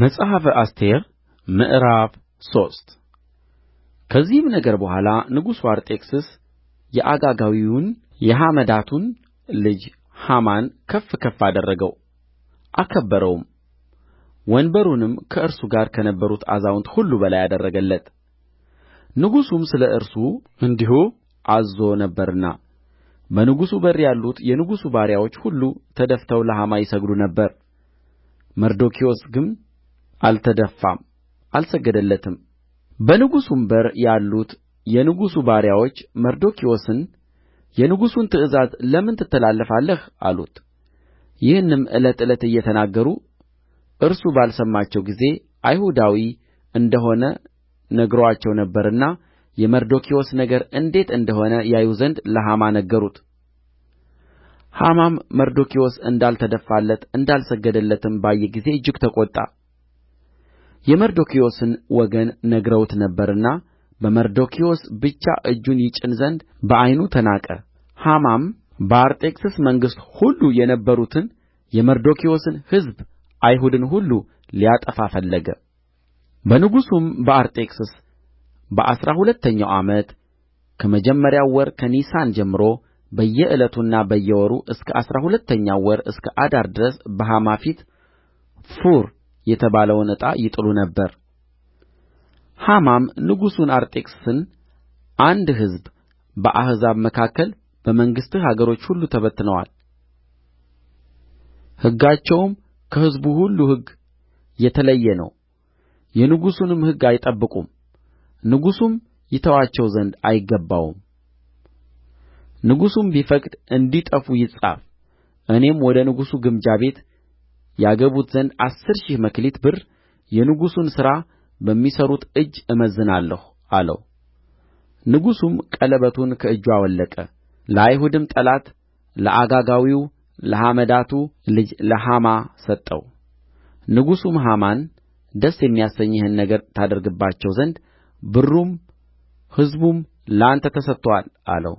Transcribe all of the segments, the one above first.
መጽሐፈ አስቴር ምዕራፍ ሶስት ከዚህም ነገር በኋላ ንጉሡ አርጤክስስ የአጋጋዊውን የሐመዳቱን ልጅ ሐማን ከፍ ከፍ አደረገው አከበረውም ወንበሩንም ከእርሱ ጋር ከነበሩት አዛውንት ሁሉ በላይ አደረገለት። ንጉሡም ስለ እርሱ እንዲሁ አዝዞ ነበርና በንጉሡ በር ያሉት የንጉሡ ባሪያዎች ሁሉ ተደፍተው ለሐማ ይሰግዱ ነበር። መርዶክዮስ ግን አልተደፋም አልሰገደለትም በንጉሡም በር ያሉት የንጉሡ ባሪያዎች መርዶክዮስን የንጉሡን ትእዛዝ ለምን ትተላለፋለህ አሉት ይህንም ዕለት ዕለት እየተናገሩ እርሱ ባልሰማቸው ጊዜ አይሁዳዊ እንደ ሆነ ነግሮአቸው ነበርና የመርዶክዮስ ነገር እንዴት እንደሆነ ያዩ ዘንድ ለሐማ ነገሩት። ሐማም መርዶክዮስ እንዳልተደፋለት እንዳልሰገደለትም ባየ ጊዜ እጅግ ተቈጣ። የመርዶክዮስን ወገን ነግረውት ነበርና በመርዶክዮስ ብቻ እጁን ይጭን ዘንድ በዓይኑ ተናቀ ሐማም በአርጤክስስ መንግሥት ሁሉ የነበሩትን የመርዶክዮስን ሕዝብ አይሁድን ሁሉ ሊያጠፋ ፈለገ በንጉሡም በአርጤክስስ በአሥራ ሁለተኛው ዓመት ከመጀመሪያው ወር ከኒሳን ጀምሮ በየዕለቱና በየወሩ እስከ አሥራ ሁለተኛው ወር እስከ አዳር ድረስ በሐማ ፊት ፉር የተባለውን ዕጣ ይጥሉ ነበር ሐማም ንጉሡን አርጤክስስን አንድ ሕዝብ በአሕዛብ መካከል በመንግሥትህ አገሮች ሁሉ ተበትነዋል ሕጋቸውም ከሕዝቡ ሁሉ ሕግ የተለየ ነው የንጉሡንም ሕግ አይጠብቁም ንጉሡም ይተዋቸው ዘንድ አይገባውም ንጉሡም ቢፈቅድ እንዲጠፉ ይጻፍ እኔም ወደ ንጉሡ ግምጃ ቤት ያገቡት ዘንድ አሥር ሺህ መክሊት ብር የንጉሡን ሥራ በሚሠሩት እጅ እመዝናለሁ አለው ንጉሡም ቀለበቱን ከእጁ አወለቀ ለአይሁድም ጠላት ለአጋጋዊው ለሐመዳቱ ልጅ ለሐማ ሰጠው ንጉሡም ሐማን ደስ የሚያሰኝህን ነገር ታደርግባቸው ዘንድ ብሩም ሕዝቡም ለአንተ ተሰጥቶአል አለው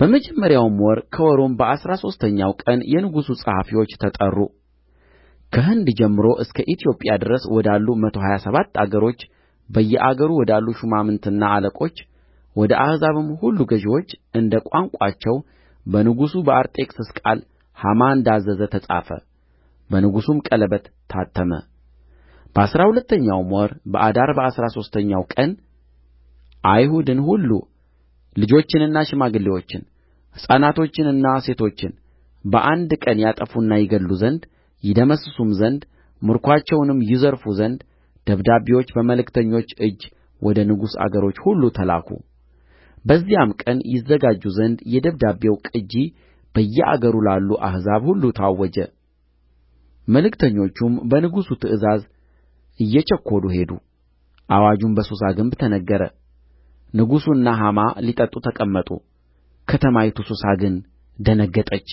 በመጀመሪያውም ወር ከወሩም በአሥራ ሦስተኛው ቀን የንጉሡ ጸሐፊዎች ተጠሩ ከህንድ ጀምሮ እስከ ኢትዮጵያ ድረስ ወዳሉ መቶ ሀያ ሰባት አገሮች በየአገሩ ወዳሉ ሹማምትና አለቆች ወደ አሕዛብም ሁሉ ገዢዎች እንደ ቋንቋቸው በንጉሡ በአርጤክስስ ቃል ሐማ እንዳዘዘ ተጻፈ በንጉሡም ቀለበት ታተመ። በአሥራ ሁለተኛውም ወር በአዳር በአሥራ ሦስተኛው ቀን አይሁድን ሁሉ ልጆችንና ሽማግሌዎችን ሕፃናቶችንና ሴቶችን በአንድ ቀን ያጠፉና ይገድሉ ዘንድ ይደመስሱም ዘንድ ምርኮአቸውንም ይዘርፉ ዘንድ ደብዳቤዎች በመልእክተኞች እጅ ወደ ንጉሡ አገሮች ሁሉ ተላኩ በዚያም ቀን ይዘጋጁ ዘንድ የደብዳቤው ቅጅ በየአገሩ ላሉ አሕዛብ ሁሉ ታወጀ መልእክተኞቹም በንጉሡ ትእዛዝ እየቸኰሉ ሄዱ አዋጁም በሱሳ ግንብ ተነገረ ንጉሡና ሐማ ሊጠጡ ተቀመጡ ከተማይቱ ሱሳ ግን ደነገጠች